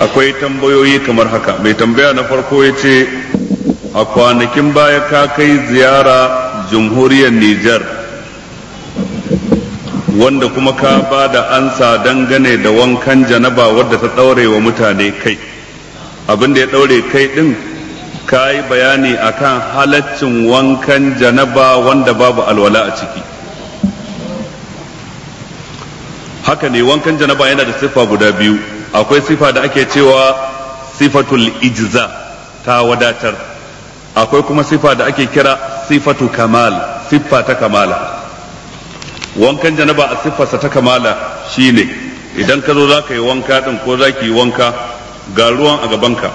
akwai tambayoyi kamar haka mai tambaya na farko ya ce a kwanakin baya ka kai ziyara jamhuriyar Nijar wanda kuma ka ba da ansa dangane da wankan janaba wadda ta ɗaure wa mutane kai abinda ya ɗaure kai ɗin ka yi bayani akan halaccin wankan janaba wanda babu alwala a ciki haka ne wankan janaba yana da siffa guda biyu akwai sifa da ake cewa sifatul ijza ta wadatar akwai kuma sifa da ake kira sifatu kamal siffa ta kamala wankan janaba a siffarsa ta kamala shine idan ka zo za ka yi wanka din ko za ki yi wanka ga ruwan a gabanka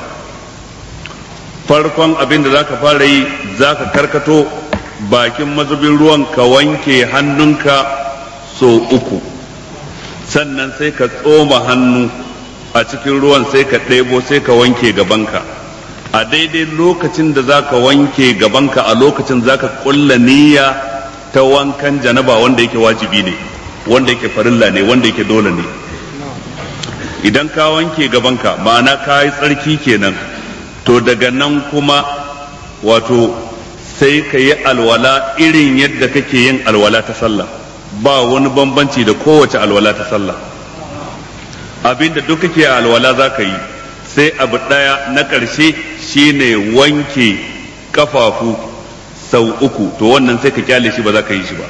farkon abin da za ka fara yi za ka karkato bakin mazubin ruwan ka wanke hannunka sau uku sannan sai ka tsoma hannu a cikin ruwan sai ka ɗebo sai ka wanke gabanka a daidai lokacin da za ka wanke gabanka a lokacin za ka ƙulla niyya ta wankan janaba wanda yake wajibi ne wanda yake farilla ne wanda yake dole ne idan ka wanke gabanka ma'ana ka yi tsarki kenan to daga nan kuma wato sai ka yi alwala irin yadda kake yin alwala ta sallah ba wani bambanci da kowace alwala ta sallah abinda duk kake alwala za ka yi sai abu ɗaya na ƙarshe shine wanke ƙafafu sau uku to wannan sai ka kyale shi ba za ka yi shi ba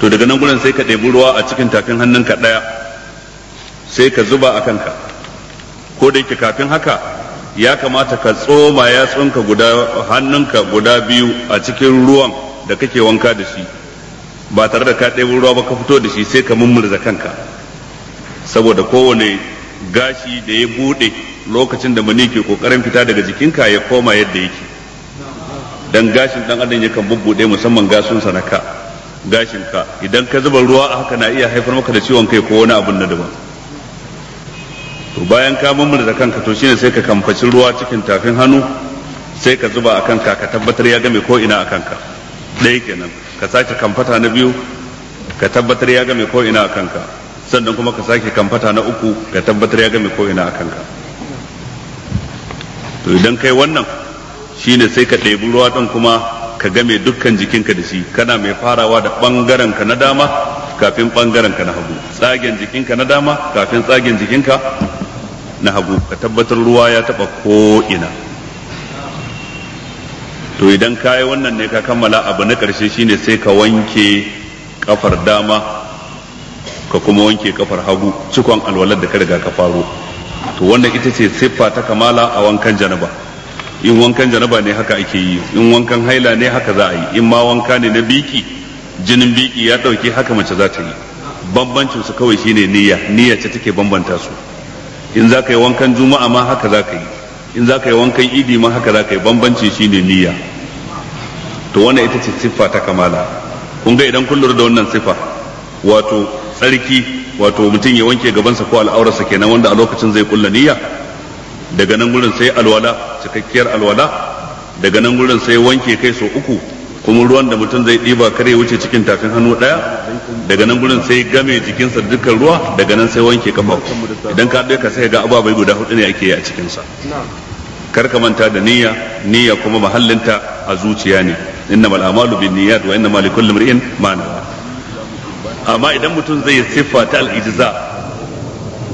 to daga nan gudan sai ka ɗebi ruwa a cikin tafin hannunka ɗaya sai ka zuba a kanka ko da yake kafin haka ya kamata ka tsoma yatsunka guda hannunka guda biyu a cikin ruwan da kake wanka da shi ba tare da ka ɗebo ruwa ba ka fito da shi sai ka mummurza kanka saboda kowane gashi da ya buɗe lokacin da mani ke kokarin fita daga jikinka ya koma yadda yake dan gashin dan adam yakan bubbuɗe musamman gasunsa na ka gashin ka idan ka zuba ruwa a haka na iya haifar maka da ciwon kai ko wani abun na daban to bayan ka mummurza kanka to shine sai ka kamfaci ruwa cikin tafin hannu sai ka zuba a kanka ka tabbatar ya game ko ina a kanka ɗaya kenan ka sake kamfata na biyu ka tabbatar ya game ko ina a kanka sannan kuma ka sake kamfata na uku ka tabbatar ya game ko ina a kanka to idan kai wannan shine sai ka ɗebi ruwa ɗin kuma ka game dukkan jikinka da shi kana mai farawa da ɓangarenka na dama kafin ɓangarenka ka na hagu tsagen jikinka na dama kafin tsagen jikinka na hagu ka tabbatar ruwa ya taɓa ko ina to idan ka yi wannan ne ka kammala abu na ƙarshe shine sai ka wanke kafar dama ka kuma wanke kafar hagu cikon alwalar da ka riga ka faru to wannan ita ce siffa ta kamala a wankan janaba in wankan janaba ne haka ake yi in wankan haila ne haka za a yi in ma wanka ne na biki jinin biki ya ɗauki haka mace za ta yi bambancin su kawai shine niyya niyya ce take bambanta su in za ka yi wankan juma'a ma haka za ka yi in za ka yi wankan idi ma haka za ka yi bambancin shine niyya to wannan ita ce siffa ta kamala kun ga idan kun lura da wannan siffa wato tsarki wato mutum ya wanke gabansa ko al'aurarsa kenan wanda a lokacin zai kulla niyya daga nan gurin sai alwala cikakkiyar alwala daga nan gurin sai wanke kai so uku kuma ruwan da mutum zai ɗiba kare wuce cikin tafin hannu ɗaya daga nan gurin sai game jikinsa dukkan ruwa daga nan sai wanke kafa idan ka ɗauka sai ga ababai guda hudu ne ake yi a cikinsa kar ka manta da niyya niyya kuma mahallinta a zuciya ne innamal a'malu binniyat wa innamal likulli mar'in ma amma idan mutum zai siffa ta al-ijza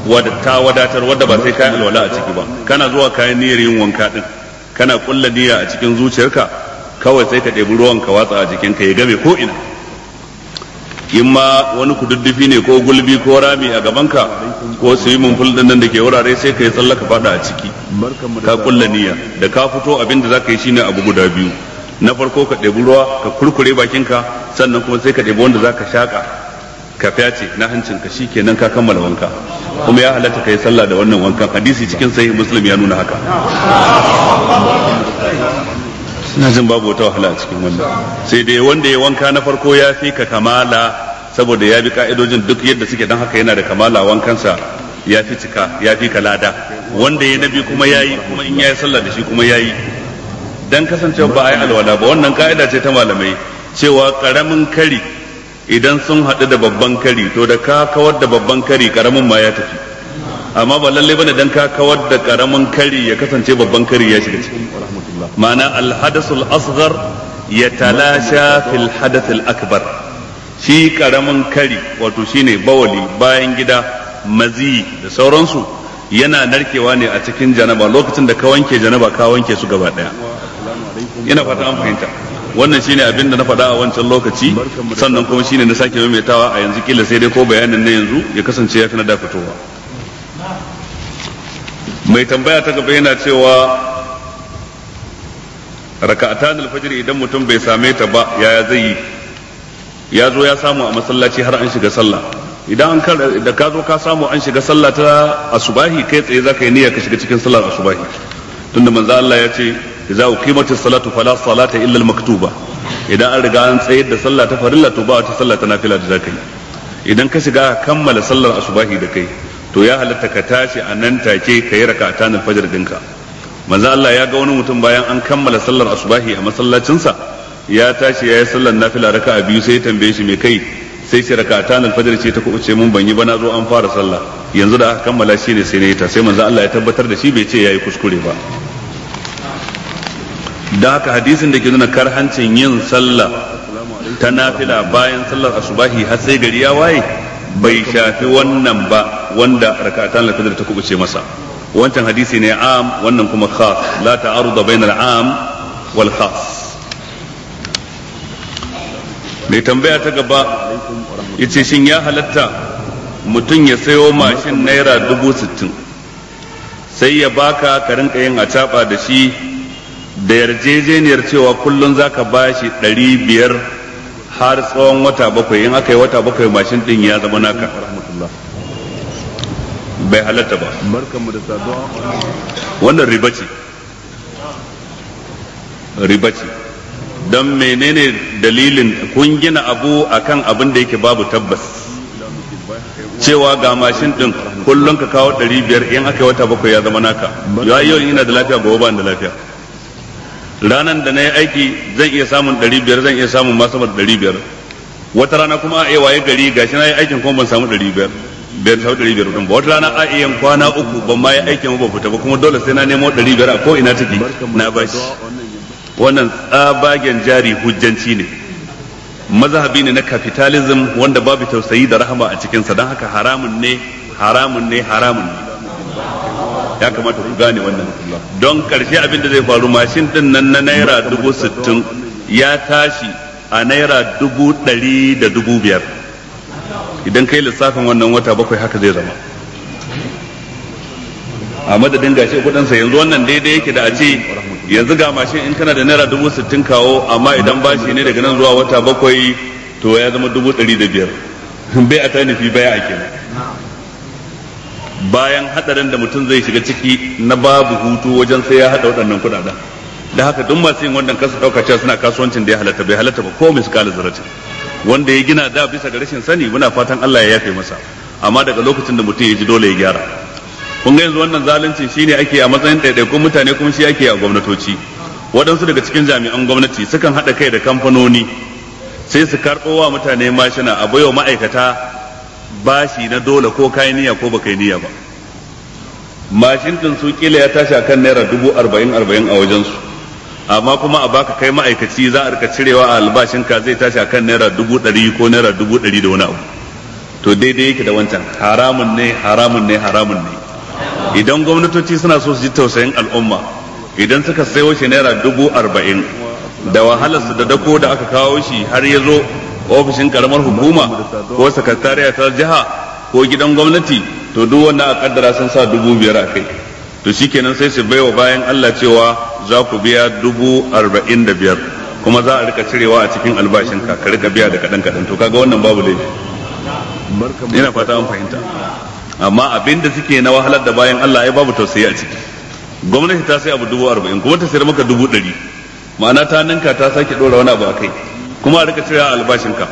wadda ta wadatar wadda ba sai kayan alwala a ciki ba kana zuwa kayan niyyar yin wanka din kana kulla niyya a cikin zuciyarka kawai sai ka ɗebi ruwan ka watsa a jikinka ya game ko ina in ma wani kududdufi ne ko gulbi ko rami a gabanka ko swimming pool din nan da ke wurare sai ka yi tsallaka fada a ciki ka kulla niyya da ka fito abin da za ka yi shine abu guda biyu na farko ka ɗebi ruwa ka kurkure bakinka sannan kuma sai ka ɗebi wanda za ka shaƙa ka fyace na hancin ka shi kenan ka kammala wanka kuma ya halatta ka yi sallah da wannan wankan hadisi cikin sahih muslim ya nuna haka ina jin babu wata wahala a cikin wannan sai dai wanda ya wanka na farko ya fi ka kamala saboda ya bi ka'idojin duk yadda suke don haka yana da kamala wankansa ya fi cika ya fi ka lada wanda ya nabi kuma ya yi kuma in ya yi sallah da shi kuma ya yi dan kasancewa ba a alwala ba wannan ka'ida ce ta malamai cewa karamin kari idan sun haɗu da babban kari to da ka kawar da babban kari karamin ma ya tafi amma ba lallai bane dan ka kawar da karamin kari ya kasance babban kari ya shiga ciki ma'ana al asghar ya talasha fil hadathil akbar shi karamin kari wato shine bawali bayan gida mazi da sauransu yana narkewa ne a cikin janaba lokacin da ka wanke janaba ka wanke su gaba daya ina fata an fahimta wannan shine abin da na faɗa a wancan lokaci sannan kuma shine na sake maimaitawa a yanzu kila sai dai ko bayanin na yanzu ya kasance ya fi na da fitowa mai tambaya ta gaba yana cewa raka'atan alfajr idan mutum bai same ta ba yaya zai yi ya zo ya samu a masallaci har an shiga sallah idan an da ka zo ka samu an shiga sallah ta asubahi kai tsaye zaka yi niyya ka shiga cikin sallar asubahi tunda manzo Allah ya ce idza uqimatis salatu fala salata illa al maktuba idan an riga an tsayar da sallah ta farilla to ba wata sallah ta nafila da zaka yi idan ka shiga ka kammala sallar asubahi da kai to ya halatta ka tashi a nan take ka yi raka'ata na fajar dinka manzo Allah ya ga wani mutum bayan an kammala sallar asubahi a masallacinsa ya tashi ya yi sallar nafila raka'a biyu sai ya tambaye shi mai kai sai shi raka'ata na fajar ce ta kuɓuce min ban yi ba na zo an fara sallah yanzu da aka kammala shine sai ne ta sai manzo Allah ya tabbatar da shi bai ce ya yi kuskure ba da haka hadisin da ke nuna karhancin yin sallah ta nafila bayan sallar asubahi har sai gari ya waye bai shafi wannan ba wanda rakatan da ta kubuce masa wancan hadisi ne am wannan kuma khas la ta'arudu bainal am wal khas mai tambaya ta gaba yace shin ya halatta mutum ya sayo mashin naira dubu sittin sai ya baka ka rinka yin a da shi da yarjejeniyar cewa kullum za ka ba shi ɗari biyar har tsawon wata bakwai in aka yi wata bakwai mashin ɗin ya zama naka bai halatta ba wannan riba ce riba ce don menene dalilin kun gina abu akan abin da yake babu tabbas cewa ga mashin ɗin kullum ka kawo ɗari biyar in aka yi wata bakwai ya zama naka yau ina da lafiya gobe ba da lafiya ranan da na yi aiki zan iya samun ɗari biyar zan iya samun masu sama da ɗari biyar wata rana kuma a iya waye gari gashi na yi aikin kuma ban samu ɗari biyar biyar samu ɗari biyar ba wata rana a iya kwana uku ban ma yi aikin ba fita ba kuma dole sai na nemo ɗari biyar a ko ina take na bashi wannan tsabagen jari hujjanci ne mazhabi ne na capitalism wanda babu tausayi da rahama a cikinsa don haka haramun ne haramun ne haramun ne ya kamata ku gane wannan don karshe abin da zai faru mashin din nan na naira dubu sittin ya tashi a naira dubu ɗari da dubu biyar idan kai lissafin wannan wata bakwai haka zai zama a madadin gashi kudinsa yanzu wannan daidai yake da a ce yanzu ga mashin in kana da naira dubu sittin kawo amma idan bashi ne daga nan zuwa wata bakwai to ya zama dubu ɗari da biyar bai a tanifi baya a kenan bayan hadarin da mutum zai shiga ciki na babu hutu wajen sai ya hada waɗannan kuɗaɗen da haka duk masu yin wannan kasa ɗauka cewa suna kasuwancin da ya halatta bai halatta ba ko kala zaratin wanda ya gina da bisa ga rashin sani muna fatan Allah ya yafe masa amma daga lokacin da mutum ya ji dole ya gyara kun ga yanzu wannan zalunci shine ake a matsayin ɗaiɗaikun mutane kuma shi ake a gwamnatoci waɗansu daga cikin jami'an gwamnati sukan haɗa kai da kamfanoni sai su karɓo wa mutane mashina a baiwa ma'aikata bashi na dole ko kai niyya ko baka niyya ba mashin din su kila ya tashi akan naira dubu arba'in arba'in a wajen su amma kuma a baka kai ma'aikaci za a rika cirewa a albashinka zai tashi akan naira dubu ɗari ko naira dubu ɗari da wani abu to daidai yake da wancan haramun ne haramun ne haramun ne idan gwamnatoci suna so su ji tausayin al'umma idan suka sai shi naira dubu arba'in da wahalarsa da dako da aka kawo shi har ya zo ofishin karamar hukuma ko sakatariya ta jiha ko gidan gwamnati to duk wanda a kaddara sun sa dubu biyar a kai to shikenan sai su baiwa bayan Allah cewa za ku biya dubu arba'in da biyar kuma za a rika cirewa a cikin albashinka ka rika biya da kaɗan kaɗan to kaga wannan babu laifi ina fata an fahimta amma abin da suke na wahalar da bayan Allah ai babu tausayi a ciki gwamnati ta sai abu dubu arba'in kuma ta sayar maka dubu ɗari ma'ana ta ninka ta sake ɗora wani abu a kai kuma a rika cirewa albashinka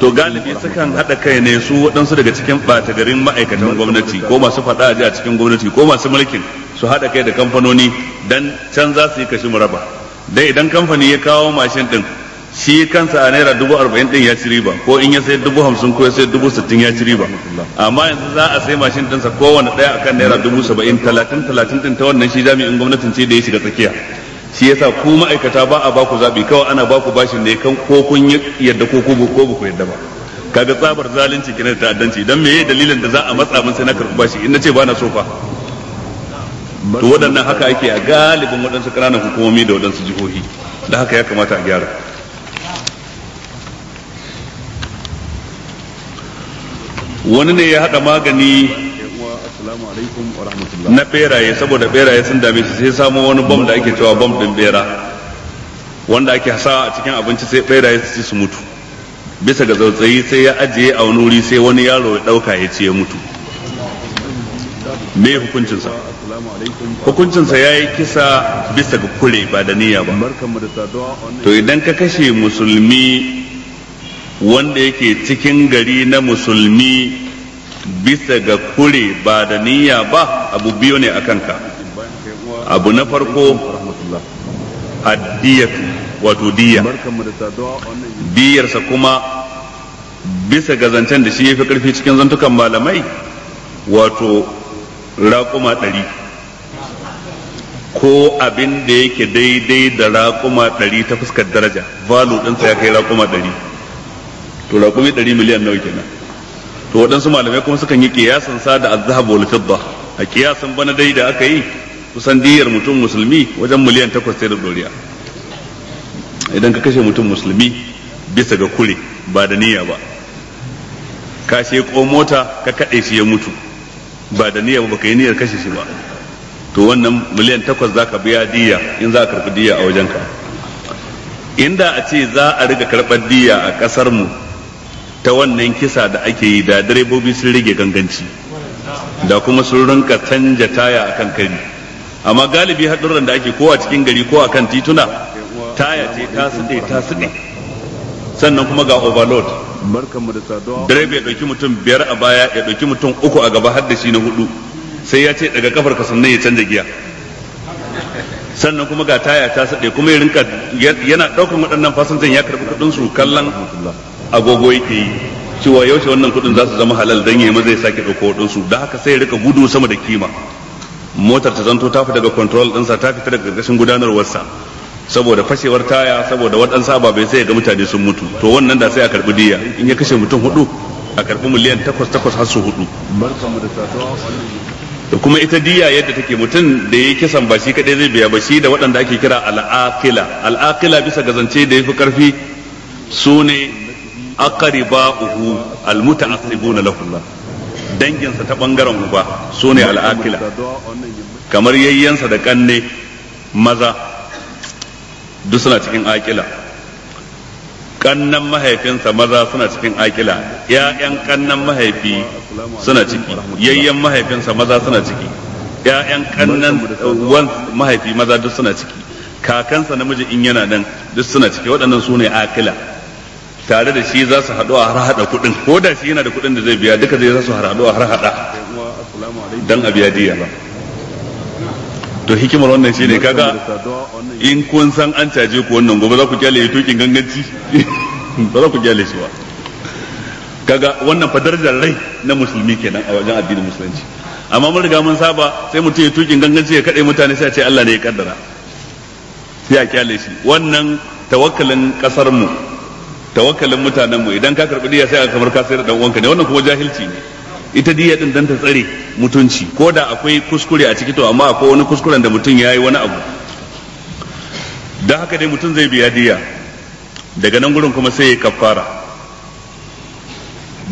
to galibi sukan haɗa kai ne su waɗansu daga cikin ɓata garin ma'aikatan gwamnati ko masu faɗa a a cikin gwamnati ko masu mulkin su haɗa kai da kamfanoni dan can za su yi kashi muraba dan idan kamfani ya kawo mashin ɗin shi kansa a naira dubu arba'in ɗin ya ci riba ko in ya sai dubu hamsin ko ya sai dubu sittin ya ci riba amma yanzu za a sai mashin ɗinsa kowane ɗaya akan naira dubu saba'in talatin talatin ɗin ta wannan shi jami'in gwamnatin ce da ya shiga tsakiya shi yasa ku ma'aikata ba a ba ku zabi kawai ana ba ku bashin ne kan ko kun yadda ko ku ko ba ku yadda ba kaga tsabar zalunci kina da ta'addanci dan me dalilin da za a matsa mun sai na karɓi bashi in nace ba na so fa to waɗannan haka ake a galibin waɗansu ƙananan hukumomi da waɗansu jihohi da haka ya kamata a gyara wani ne ya haɗa magani assalamu alaikum wa rahmatullah na beraye saboda beraye sun dame shi sai samu wani bom da ake cewa bom din bera wanda ake sa a cikin abinci sai beraye su ci su mutu bisa ga tsautsayi sai ya ajiye a wani wuri sai wani yaro ya dauka ya ci ya mutu me hukuncinsa hukuncinsa ya yi kisa bisa ga kure ba da niyya ba to idan ka kashe musulmi wanda yake cikin gari na musulmi bisa ga kure ba da niyya ba abu biyu ne a kanka abu na farko addiyatu wato diya diyarsa kuma bisa ga zancen da shi ya fi karfi cikin zantukan malamai wato raƙuma ɗari ko abin da yake daidai da raƙuma ɗari ta fuskar daraja valo ɗinsa ya kai raƙuma ɗari to raƙumi ɗari miliyan nawa kenan to waɗansu malamai kuma sukan yi kiyasan sa da azhab wal fidda a kiyasan bana dai da aka yi kusan diyar mutum musulmi wajen miliyan takwas sai da doriya idan ka kashe mutum musulmi bisa ga kure ba da niyya ba ka ko mota ka kaɗe shi ya mutu ba da niyya ba ka yi niyyar kashe shi ba to wannan miliyan takwas za ka biya diyya in za ka karɓi diyya a wajenka inda a ce za a riga karɓar diyya a kasar mu ta wannan kisa da ake yi da direbobi sun rage ganganci da kuma sun rinka canja taya akan kari amma galibi haɗurran da ake ko a cikin gari ko a kan tituna taya ce ta suɗe ta suɗe sannan kuma ga overload direba ya ɗauki mutum biyar a baya ya ɗauki mutum uku a gaba har da shi na hudu sai ya ce daga kafar ka sannan ya canza giya sannan kuma ga taya ta suɗe kuma ya rinka yana ɗaukar waɗannan fasinjan ya karɓi kuɗinsu kallon agogo yake yi cewa yaushe wannan kudin za su zama halal dan yayi maza ya sake dauko waɗansu da haka sai rika gudu sama da kima motar ta zanto ta fita daga control ɗinsa ta fita daga gashin gudanarwarsa saboda fashewar taya saboda waɗansu ababai sai ga mutane sun mutu to wannan da sai a karɓi diya in ya kashe mutum hudu a karɓi miliyan takwas takwas har su hudu da kuma ita diya yadda take mutum da ya kisan ba shi kaɗai zai biya ba shi da waɗanda ake kira al'aqila al'aqila bisa ga zance da ya fi ƙarfi su ne aqriba'uhu almuta'assibuna lahu danginsa ta bangaren uba su ne al'akila kamar yayyansa da kanne maza duk suna cikin akila kannan mahaifinsa maza suna cikin akila ƴaƴan kannan mahaifi suna ciki yayyan mahaifinsa maza suna ciki ‘ya'yan kannan mahaifi maza duk suna ciki kakansa namiji in yana nan duk suna ciki waɗannan su ne akila tare da shi za su haɗu a harhaɗa kuɗin ko da shi yana da kuɗin da zai biya duka zai za su haɗu a harhaɗa don a biya diya ba to hikimar wannan shi ne kaga in kun san an caje ku wannan gobe za ku kyale ya tokin ganganci ba za ku kyale shi ba kaga wannan fa darajar rai na musulmi kenan a wajen addinin musulunci amma mun riga mun saba sai mutum ya tokin ganganci ya kaɗe mutane sai a ce Allah ne ya kaddara sai a kyale shi wannan tawakkalin kasar mu tawakkalin mutanen mu idan ka karbi diya sai a kamar ka sayar da uwanka ne wannan kuma jahilci ne ita diya din dan ta tsare mutunci ko da akwai kuskure a ciki to amma akwai wani kuskuren da mutum yayi wani abu dan haka dai mutum zai biya diya daga nan gurin kuma sai ya kafara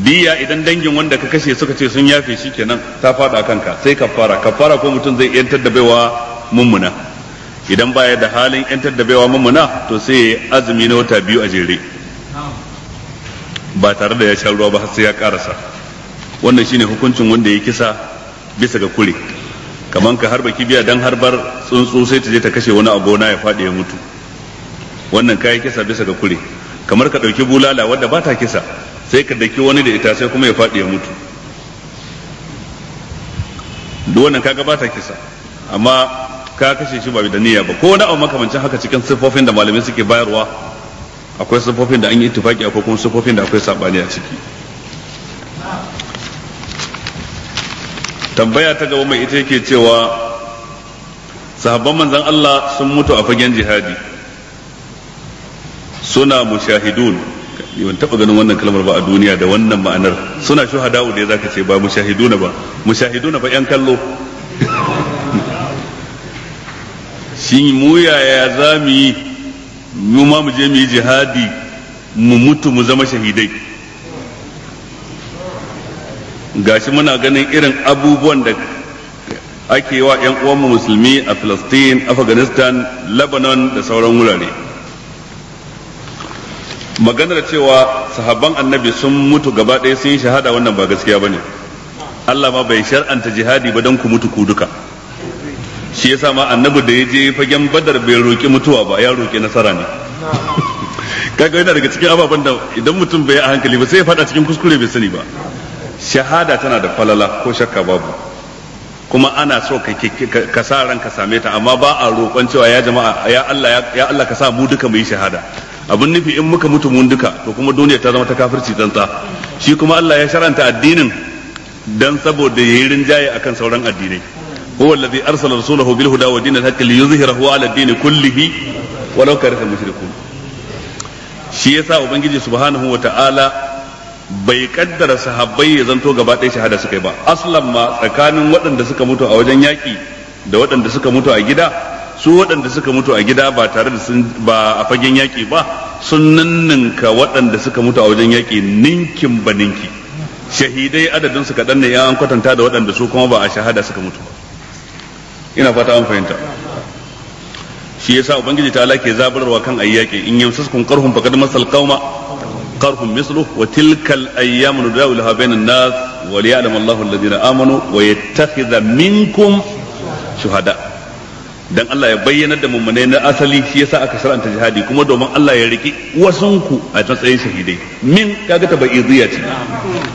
diya idan dangin wanda ka kashe suka ce sun yafe shi kenan ta fada kanka sai kafara kafara ko mutum zai yantar da baiwa mummuna idan baya da halin yantar da baiwa mummuna to sai azumi na wata biyu a jere ba tare da ya sha ruwa ba har sai ya karasa wannan shine hukuncin wanda ya kisa bisa ga kure kaman ka harba kibiya dan harbar tsuntsu sai ta je ta kashe wani a gona ya faɗi ya mutu wannan kayi kisa bisa ga kure kamar ka ɗauki bulala wadda ba ta kisa sai ka daki wani da ita sai kuma ya faɗi ya mutu duk wannan kaga ba ta kisa amma ka kashe shi ba da niyya ba ko wani abu makamancin haka cikin siffofin da malamai suke bayarwa akwai sufofin da an yi ittifaki akwai kuma sufofin da akwai sabani a ciki tambaya ta gaba mai ita yake cewa sahabban manzan Allah sun mutu a fagen jihadi suna mushahidun ban taba ganin wannan kalmar ba a duniya da wannan ma'anar suna shuhada'u da zaka ce ba mushahiduna ba mushahiduna ba yan kallo shi mu yaya za mu yi mu ma mu je mu yi jihadi mu mutu mu zama shahidai gashi muna ganin irin abubuwan da ake wa 'yan uwanmu musulmi a Palestine, Afghanistan, Lebanon da sauran wurare. maganar cewa sahabban annabi sun mutu gaba ɗaya sun shahada wannan ba gaskiya ba ne Allah ma bai shar'anta jihadi ba don ku mutu ku duka shi yasa ma annabi da ya je fagen badar bai roƙi mutuwa ba ya roƙi nasara ne kaga yana daga cikin ababen da idan mutum bai a hankali ba sai ya fada cikin kuskure bai sani ba shahada tana da falala ko shakka babu kuma ana so ka ka sa ran ka same ta amma ba a roƙon cewa ya jama'a ya Allah ya Allah ka sa mu duka mu yi shahada abin nufi in muka mutu mun duka to kuma duniya ta zama ta kafirci tsantsa shi kuma Allah ya sharanta addinin dan saboda yayin rinjaye akan sauran addinai huwa alladhi arsala rasulahu bil huda wa dinil haqqi liyuzhirahu ala ad-din kullihi walau kariha al-mushrikun shi yasa ubangiji subhanahu wa ta'ala bai kaddara sahabbai ya zanto gaba ɗaya shahada suka yi ba aslan ma tsakanin waɗanda suka mutu a wajen yaƙi da waɗanda suka mutu a gida su waɗanda suka mutu a gida ba tare da sun ba a fagen yaƙi ba sun ninninka waɗanda suka mutu a wajen yaƙi ninkin ba ninki shahidai adadin su kaɗan ne ya an kwatanta da waɗanda su kuma ba a shahada suka mutu ina fata an fahimta shi yasa ubangiji ta ke zabarwa kan ayyaki in yamsaskum karhun faqad masal kauma karhun mislu wa tilkal ayyamu nudawiluha bainan nas wa liya'lam Allahu alladhina amanu wa yattakhidha minkum shuhada dan Allah ya bayyana da mummunai na asali shi yasa aka shar'anta jihadi kuma domin Allah ya riki wasunku a matsayin shahidai min kaga tabaidiyya ce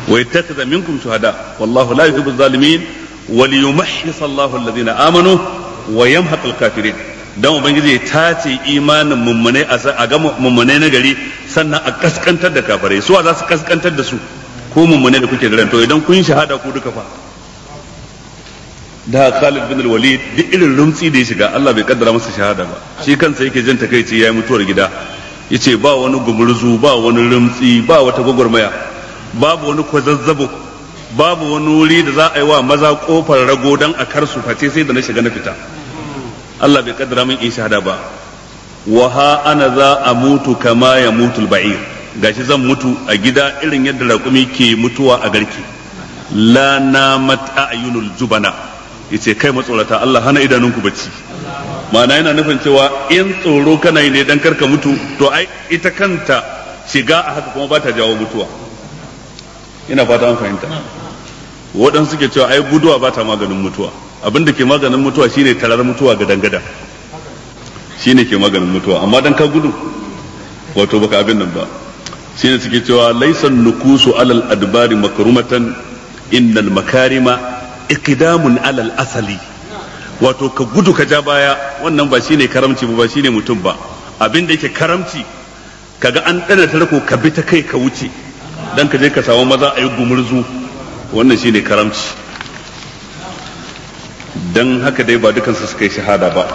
wa yattakhidha minkum shuhada wallahu la yuhibbu zalimin wal yumahhis Allahu alladhina amanu wa kafirin dan ubangiji ya tace imanin mummune a ga mummune na gari sannan a kaskantar da kafirai suwa za su kaskantar da su ko mummune da kuke ran to idan kun shahada ku duka fa da Khalid bin Walid duk irin rumtsi da ya shiga Allah bai kaddara masa shahada ba shi kansa yake jin takeici yayi mutuwar gida yace ba wani gumurzu ba wani rumtsi ba wata gwagwarmaya babu wani kwazazzabo babu wani wuri da za a yi wa maza kofar rago dan a kar su face sai da na shiga na fita Allah bai kaddara min in shahada ba wa ha ana za a mutu kama ya mutu ba'ir gashi zan mutu a gida irin yadda raƙumi ke mutuwa a garki la na namat bana jubana yace kai matsorata Allah hana idanunku bacci ma'ana yana nufin cewa in tsoro kana yi ne dan karka mutu to ai ita kanta shiga a haka kuma ba ta jawo mutuwa ina fata an fahimta waɗansu suke cewa ai guduwa ba ta maganin mutuwa abin da ke maganin mutuwa shine tarar mutuwa gadan gadan shine ke maganin mutuwa amma dan ka gudu wato baka abin nan ba shine suke cewa laisan nukusu alal adbari makrumatan innal makarima iqdamun alal asali wato ka gudu ka ja baya wannan ba shine karamci ba shine mutum ba abin da yake karamci kaga an dana tarko ka bi ta kai ka wuce dan ka je ka samu maza ayi gumurzu wannan shine karamci dan haka dai ba dukansu suka yi shahada ba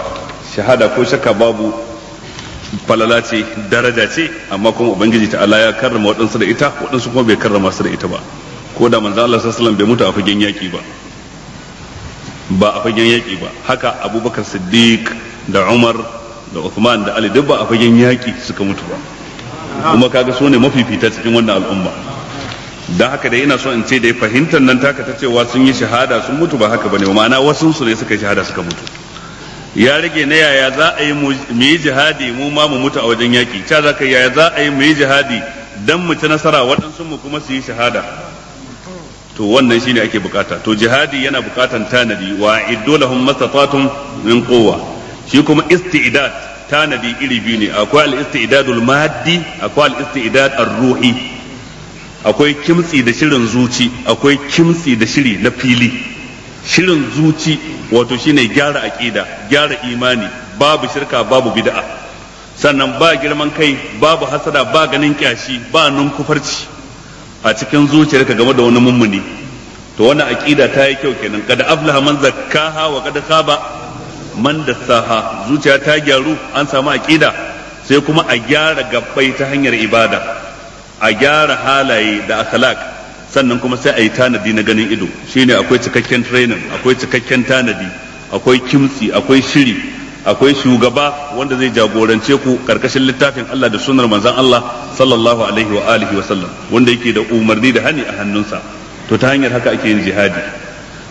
shahada ko shakka babu falala ce daraja ce amma kuma ubangiji ta ala ya karrama waɗansu da ita waɗansu kuma bai karrama su da ita ba ko da manzo Allah sallallahu bai mutu a fagen yaki ba ba a fagen yaki ba haka Abubakar Siddiq da Umar da Uthman da Ali duk ba a fagen yaki suka mutu ba kuma kaga su ne mafifita cikin wannan al'umma da haka dai ina so in ce da fahimtar nan taka ta cewa sun yi shahada sun mutu ba haka bane ma'ana wasu su ne suka yi shahada suka mutu ya rage na yaya za a yi mu yi jihadi mu ma mu mutu a wajen yaki ca za ka yaya za a yi mu yi jihadi dan mu ci nasara waɗansu mu kuma su yi shahada to wannan shine ake bukata to jihadi yana bukatan tanadi wa iddolahum mastata'tum min quwwa shi kuma istidad tanadi iri biyu ne akwai al-istidadul maddi akwai al-istidad ar-ruhi akwai kimtsi da shirin zuci akwai kimtsi da shiri na fili shirin zuci wato shine gyara aqida gyara imani babu shirka babu bid'a sannan ba girman kai babu hasada ba ganin kyashi ba kufarci a cikin zuciyarka game da wani mummuni to wannan aqida ta yi kyau kenan kada aflaha man zakkaha wa kada khaba man dassaha zuciya ta gyaru an samu aqida sai kuma a gyara gabbai ta hanyar ibada a gyara halaye da akhlaq sannan kuma sai a yi tanadi na ganin ido shine akwai cikakken training akwai cikakken tanadi akwai kimsi akwai shiri akwai shugaba wanda zai jagorance ku karkashin littafin Allah da sunnar manzon Allah sallallahu alaihi wa alihi wa sallam wanda yake da umarni da hani a hannunsa to ta hanyar haka ake yin jihadi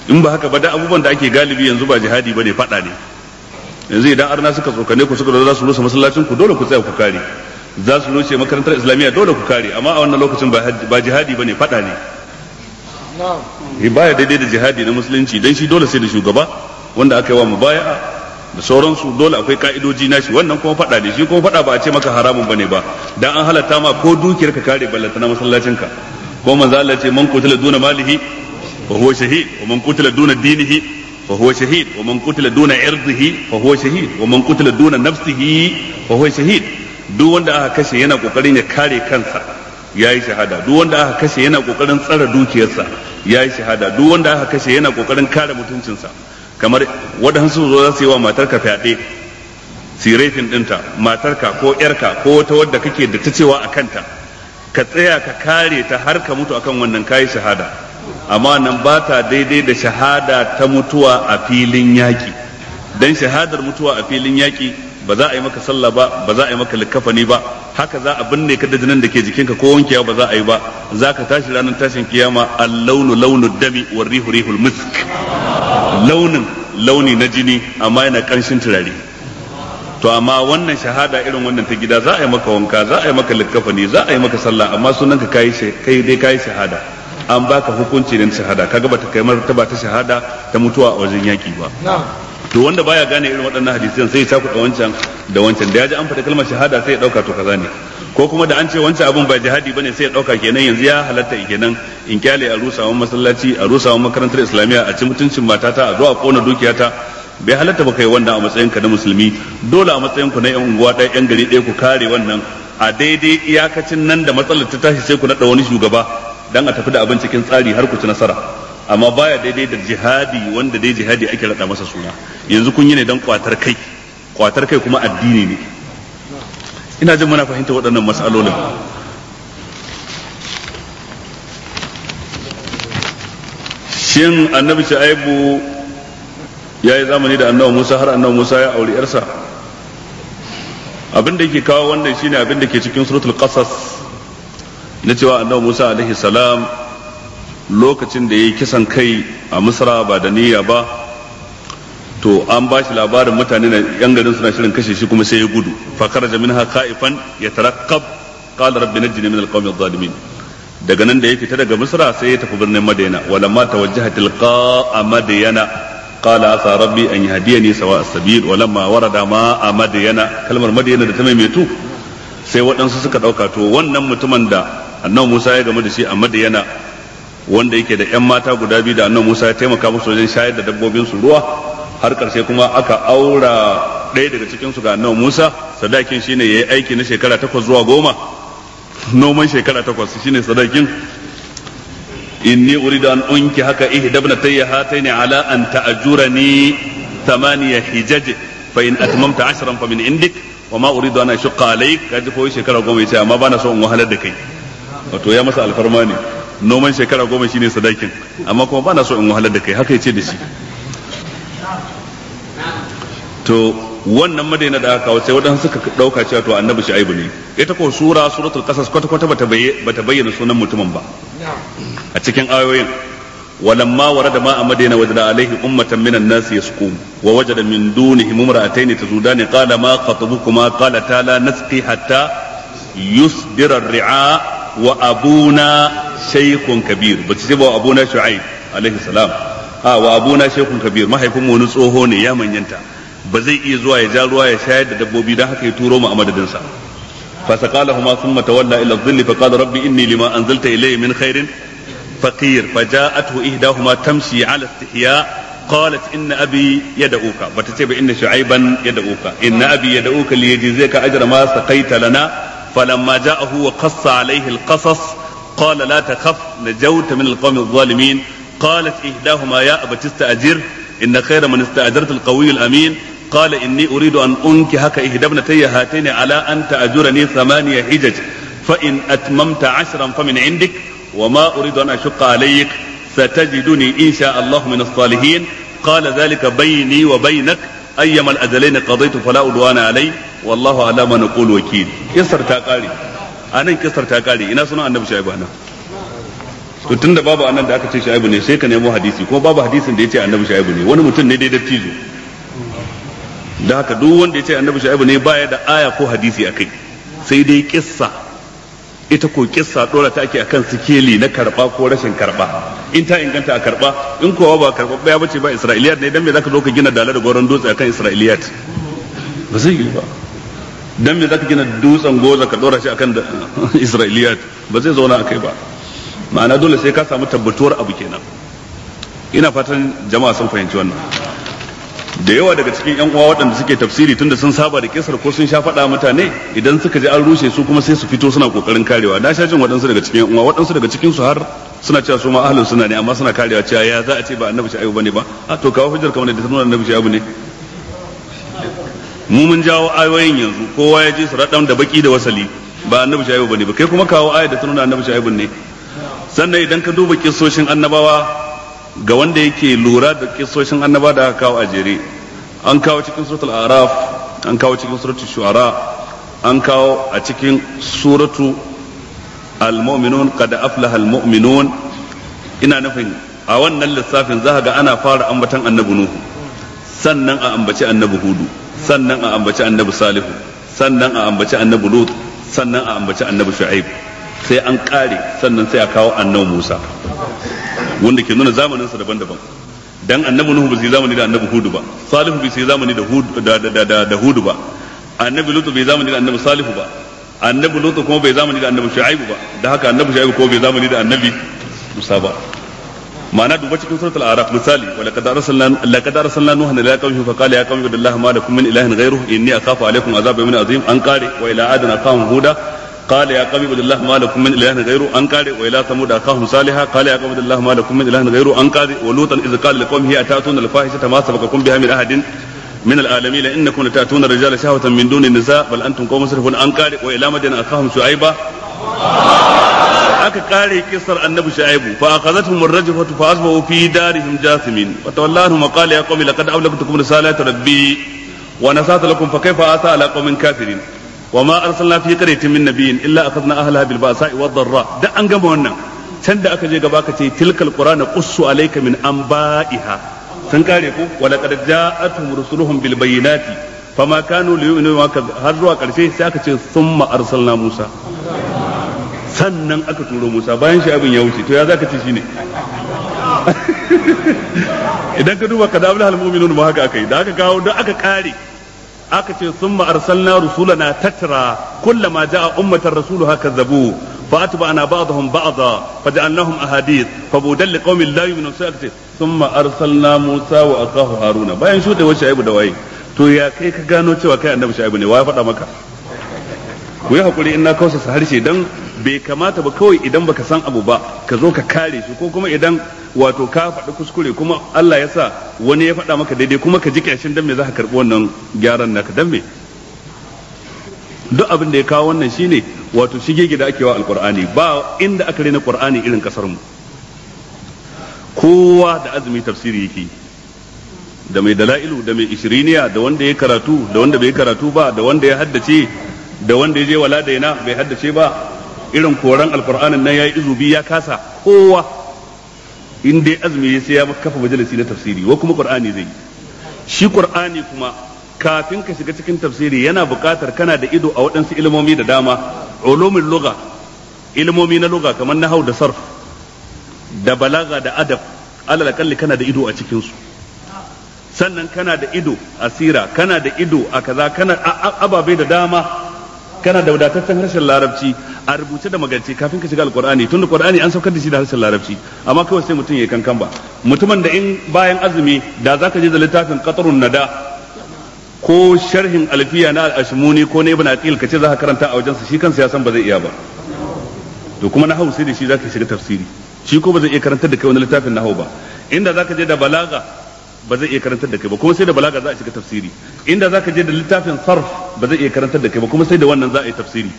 in ba haka ba da abubuwan da ake galibi yanzu ba jihadi bane fada ne yanzu idan arna suka tsokane ku suka zo za su rusa masallacin ku dole ku tsaya ku kare za su rushe makarantar islamiyya dole ku kare amma a wannan lokacin ba jihadi bane fada ne baya daidai da jihadi na musulunci dan shi dole sai da shugaba wanda aka yi wa mubaya'a da sauransu dole akwai ka'idoji nashi wannan kuma fada ne shi kuma fada ba a ce maka haramun bane ba dan an halatta ma ko dukiyar ka kare ballanta na masallacin ka ko manzo Allah ce man qutila duna malihi wa huwa shahid wa man qutila duna dinihi wa huwa shahid wa man qutila duna irdihi wa huwa shahid wa man qutila duna nafsihi wa huwa shahid duk wanda aka kashe yana kokarin ya kare kansa ya yi shahada duk wanda aka kashe yana kokarin tsara dukiyarsa ya yi shahada duk wanda aka kashe yana kokarin kare mutuncinsa kamar wadansu zo za su yi wa matarka fyaɗe sirefin ɗinta matarka ko yarka ko wata wadda kake da ta cewa a kanta ka tsaya ka kare ta har ka mutu akan wannan kayi shahada amma nan ba ta daidai da shahada ta mutuwa a filin yaƙi don shahadar mutuwa a filin yaki. ba za a yi maka sallah ba ba za a yi maka likafani ba haka za a binne ka da jinin da ke jikinka ko wankewa ba za a yi ba za ka tashi ranar tashin kiyama al-launu launu dami wa rihu rihul misk launin launi na jini amma yana kanshin turare to amma wannan shahada irin wannan ta gida za a yi maka wanka za a yi maka likafani za a yi maka sallah amma sunanka kai kai dai kai shahada an baka hukunci da shahada kaga ta kai martaba ta shahada ta mutuwa a wajen yaki ba to wanda baya gane irin waɗannan hadisan sai ya cakuɗa wancan da wancan da ya ji an faɗa kalmar shahada sai ya ɗauka to kaza ne ko kuma da an ce wancan abun ba jihadi bane sai ya ɗauka kenan yanzu ya halatta kenan in kyale a rusawan masallaci a rusawan makarantar islamiyya a ci mutuncin matata a zo a kona dukiyata bai halatta ba kai wannan a matsayin ka na musulmi dole a matsayin ku na yan unguwa ɗaya yan gari ɗaya ku kare wannan a daidai iyakacin nan da matsalar ta tashi sai ku naɗa wani shugaba dan a tafi da abin cikin tsari har ku ci nasara amma baya daidai da jihadi wanda dai jihadi ake rada masa suna yanzu kun yi ne dan kwatar kai kwatar kai kuma addini ne ina jin muna fahimta waɗannan matsalolin. shin annabi shu'aibu ya yi zamani da annabi musa har annabi musa ya auri yarsa abin da yake kawo wannan shine abin da ke cikin suratul qasas na cewa annabi musa alaihi salam lokacin da ya yi kisan kai a misra ba da niyya ba to an ba shi labarin mutane na yan garin suna shirin kashe shi kuma sai ya gudu fakar jamin ha ka'ifan ya tarakkab qala rabbi na jini min alqawmi adh-dhalimin daga nan da ya fita daga misra sai ya tafi birnin madaina walamma a tilqa kala a asa rabbi an ne sawa as-sabil walamma warada ma a madyana kalmar madyana da ta maimaitu sai waɗansu suka ɗauka to wannan mutumin da annabi Musa ya gama da shi a madyana wanda yake da yan mata guda biyu da annabi Musa ya taimaka musu wajen shayar da dabbobin su ruwa har karshe kuma aka aura ɗaya daga cikin su ga annabi Musa sadakin shine yayi aiki na shekara takwas zuwa goma noman shekara takwas shine sadakin inni uridu an unki haka ihdabnatayya hataini ala an ta'jurani thamaniya hijaj fa in atmamta ashran fa min indik wa ma uridu an ashqa alayk kaji ko shekara goma yace amma bana so in wahalar da kai wato ya masa alfarmani noman shekara goma shi ne sadakin amma kuma ba na so in wahalar da kai haka ya ce da shi to wannan madaina da aka wace wadanda suka dauka cewa to annabi shaibu ne ita ko sura suratul qasas kwata kwata bata bata bayyana sunan mutumin ba a cikin ayoyin walamma warada ma a madaina wajada alaihi ummatan minan nasi yasqum wa wajada min dunihi mumra'atayn tazudani qala ma khatabukuma qala ta la nasqi hatta yusdira ar-ri'a wa abuna shaykhun kabir ba ce ba abuna shu'aib alaihi salam a wa abuna shaykhun kabir mahaifin mu wani tsoho ne ya manyanta ba zai iya zuwa ya ja ruwa ya shayar da dabbobi dan haka ya turo mu a madadin sa fa saqalahuma thumma tawalla ila dhilli fa qala rabbi inni lima anzalta ilayya min khairin faqir fa ja'atuhu ihdahuma tamshi ala istihya قالت إن أبي يدعوك فتتبع إن شعيبا يدعوك إن أبي يدعوك فلما جاءه وقص عليه القصص qala la takhaf najawta min alqawmi adh-dhalimin qalat ihdahuma ya abati ista'jir inna khayra man ista'jarta alqawiyyu al-amin قال إني أريد أن أنكحك إحدى ابنتي هاتين على أن تأجرني ثمانية حجج فإن أتممت عشرا فمن عندك وما أريد أن أشق عليك ستجدني إن شاء الله من الصالحين قال ذلك بيني وبينك أيما الأجلين قضيت فلا أدوان علي والله على ما نقول وكيل يسر تاقاري a nan kisar ta kare ina sunan annabi shaibu nan to da babu annan da aka ce shaibu ne sai ka nemo hadisi ko babu hadisin da ya ce annabi shaibu ne wani mutum ne dai dattijo da haka duk wanda ya ce annabi shaibu ne baya da aya ko hadisi a kai sai dai kissa ita ko kissa dora ta ake akan sikeli na karba ko rashin karba in ta inganta a karba in kowa ba karba ba ya bace ba isra'iliyat ne dan me zaka zo ka gina dala da goron dutse akan isra'iliyat ba zai yi ba dan me zaka gina dutsen goza ka dora shi akan Isra'iliyat ba zai zauna akai ba ma'ana dole sai ka samu tabbatuwar abu kenan ina fatan jama'a sun fahimci wannan da yawa daga cikin yan uwa waɗanda suke tafsiri tunda sun saba da kisar ko sun sha faɗa mutane idan suka ji an rushe su kuma sai su fito suna kokarin karewa na sha jin waɗansu daga cikin yan uwa waɗansu daga cikin su har suna cewa su ma ahlin sunna ne amma suna karewa cewa ya za a ce ba annabi shi ayyuba ne ba a to kawo hujjar kamar da ta nuna annabi shi ayyuba ne mu mun jawo ayoyin yanzu kowa ya ji su raɗan da baki da wasali ba annabi shaibu bane ba kai kuma kawo ayar da tunan nuna annabi shaibu ne sannan idan ka duba kisoshin annabawa ga wanda yake lura da kisoshin annaba da aka kawo a jere an kawo cikin suratul araf an kawo cikin suratul shu'ara an kawo a cikin suratu al-mu'minun qad aflaha al-mu'minun ina nufin a wannan lissafin za ga ana fara ambatan annabi nuhu sannan a ambaci annabi hudu sannan a ambaci annabi salihu sannan a ambaci annabi lut sannan a ambaci annabi shu'aib sai an kare sannan sai a kawo annabi musa wanda ke nuna zamaninsa daban-daban dan annabi nuhu bai zamani da annabi hudu ba salihu bai zamani da hudu da da da da hudu ba annabi lutu bai zamani da annabi salihu ba annabi lutu kuma bai zamani da annabi shu'aib ba da haka annabi shu'aib ko bai zamani da annabi musa ba ma'ana duba cikin suratul araf misali wa laqad arsalna laqad arsalna nuhan ila qaumihi fa qala ya qaumi billahi ma lakum min ilahin ghayruhu inni akhafu alaykum azab yawmin azim an qari wa ila adna qawm huda قال يا قوم اعبدوا الله ما لكم من اله غيره ان قال والى ثمود اخاهم صالحا قال يا قوم اعبدوا الله ما لكم من اله غيره ان قال ولوطا اذ قال لقومه اتاتون الفاحشه ما سبقكم بها من احد من العالمين انكم لتاتون الرجال شهوه من دون النساء بل انتم قوم مسرفون ان قال والى مدين اخاهم شعيبا aka kare kissar annabi shu'aibu fa akhadathum ar-rajfatu fa asbahu fi darihim jathimin wa tawallahum wa qala ya qaumi laqad ablagtukum risalati rabbi wa nasata lakum fa kayfa asa ala qaumin kafirin wa ma arsalna fi qaryatin min nabiyyin illa akhadna ahlaha bil ba'sa'i wad dharra da an gama wannan can da aka je gaba ka ce tilkal qur'ana qussu alayka min anba'iha sun kare ku wa laqad ja'atuhum rusuluhum bil bayyinati fama kanu liyu'minu har zuwa karshe sai aka ce summa arsalna musa sannan aka turo Musa bayan shi abin ya wuce to ya zaka ce shine idan ka duba kadabul hal mu'minun ba haka akai da aka kawo da aka kare aka ce summa arsalna rusulana tatra kullama jaa ummatar rasulu haka zabu فأتبعنا بعضهم بعضا فجعلناهم أحاديث فبودا لقوم لا يؤمنون سيأتي ثم أرسلنا موسى وأخاه هارون باين شو دوي شعيب دوي تو يا كي كغانو cewa kai annabi شعيب ne wai faɗa maka ku yi hakuri in na kausa harshe dan bai kamata ba kawai idan baka san abu ba ka zo ka kare su ko kuma idan wato ka faɗi kuskure kuma Allah ya sa wani ya faɗa maka daidai kuma ka ji kyashin dan me za ka karɓi wannan gyaran naka dan me duk abin da ya kawo wannan shine wato shige gida ake wa alqur'ani ba inda aka rena qur'ani irin kasar mu kowa da azumi tafsiri yake da mai dala'ilu da mai ishiriniya da wanda ya karatu da wanda bai karatu ba da wanda ya haddace da wanda ya je wala yana bai haddace ba irin koran alqur'anin nan yayi izubi ya kasa kowa in dai azumi sai ya kafa majalisi na tafsiri wa kuma qur'ani zai shi qur'ani kuma kafin ka shiga cikin tafsiri yana buƙatar kana da ido a waɗansu ilmomi da dama ulumul lugha ilmomi na lugha kamar nahau da sarf da balaga da adab alal kalli kana da ido a cikin su sannan kana da ido a sira kana da ido a kaza kana ababai da dama kana da wadataccen harshen larabci a rubuce da magance kafin ka shiga alqur'ani tunda qur'ani an saukar da shi da harshen larabci amma kawai sai mutum ya kankan ba mutumin da in bayan azumi da ka je da littafin na nada ko sharhin alfiya na al-ashmuni ko na ibn aqil kace ka karanta a wajensa shi kansa ya san ba zai iya ba to kuma na hausa da shi zaka shiga tafsiri shi ko ba zai iya karantar da kai wani littafin nahau ba inda ka je da balaga ba zai iya karantar da kai ba kuma sai da balaga za a shiga tafsiri inda zaka je da littafin sarf ba zai iya karantar da kai ba kuma sai da wannan za a yi tafsiri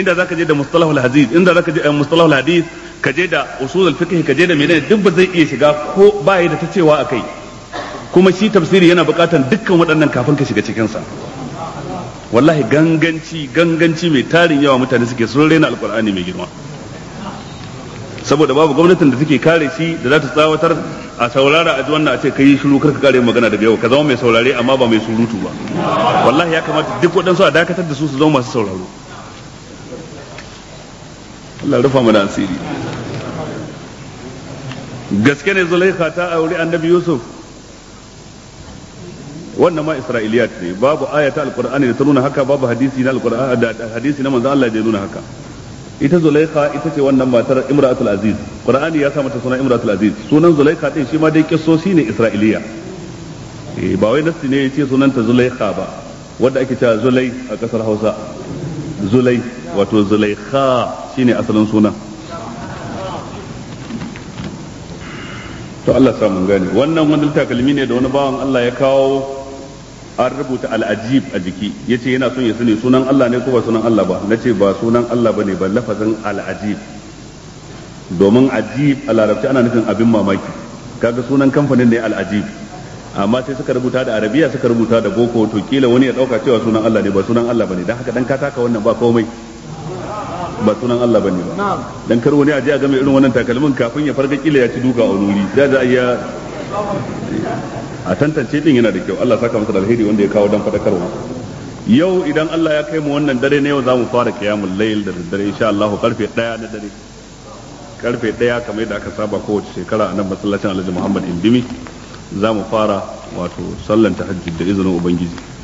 inda zaka je da mustalahul hadith inda zaka je eh, mustalahul hadith ka je da usulul fiqh ka je da menene duk ba zai iya shiga ko ba da ta cewa akai kuma shi tafsiri yana buƙatar dukkan waɗannan kafin ka shiga cikin sa wallahi ganganci ganganci mai tarin yawa mutane suke sun raina alqur'ani mai girma saboda babu gwamnatin da suke kare shi da za ta tsawatar a saurara a ji wannan a ce kai shiru ka kare magana daga yau ka zama mai saurare amma ba mai surutu ba wallahi ya kamata duk waɗansu a dakatar da su su zama masu sauraro Allah rufa mana asiri gaske ne zulaikha ta auri annabi yusuf wannan ma isra'iliyat ne babu ayata alqur'ani da ta nuna haka babu hadisi na alqur'ani da hadisi na manzo Allah da ya nuna haka ita zulaikha ita ce wannan matar imratul aziz qur'ani ya sa mata sunan imratul aziz sunan zulaikha din shi ma dai kissosi ne isra'iliya eh, ba wai nasti ne yace sunan ta zulaikha ba wanda ake cewa zulai a kasar hausa zulai wato zulaikha shine asalin sunan to Allah sa mun gane wannan wani takalmi ne da wani bawan Allah ya kawo an rubuta al'ajib a jiki yace yana son ya sani sunan Allah ne ko ba sunan Allah ba nace ba sunan Allah bane ba lafazin al'ajib domin ajib a larabci ana nufin abin mamaki kaga sunan kamfanin ne al'ajib amma sai suka rubuta da arabiya suka rubuta da boko to kila wani ya dauka cewa sunan Allah ne ba sunan Allah bane dan haka dan ka taka wannan ba komai ba sunan Allah bane ba dan kar wani aje a ga mai irin wannan takalmin kafin ya farga kila ya ci duka a wuri da da ya a tantance din yana da kyau Allah saka masa da alheri wanda ya kawo dan fadakarwa yau idan Allah ya kai mu wannan dare ne yau za mu fara kiyamul layl da dare insha Allah karfe 1 na dare karfe 1 kamar yadda aka saba kowace shekara a nan masallacin Alhaji Muhammad Indimi za mu fara wato sallan tahajjud da izinin ubangiji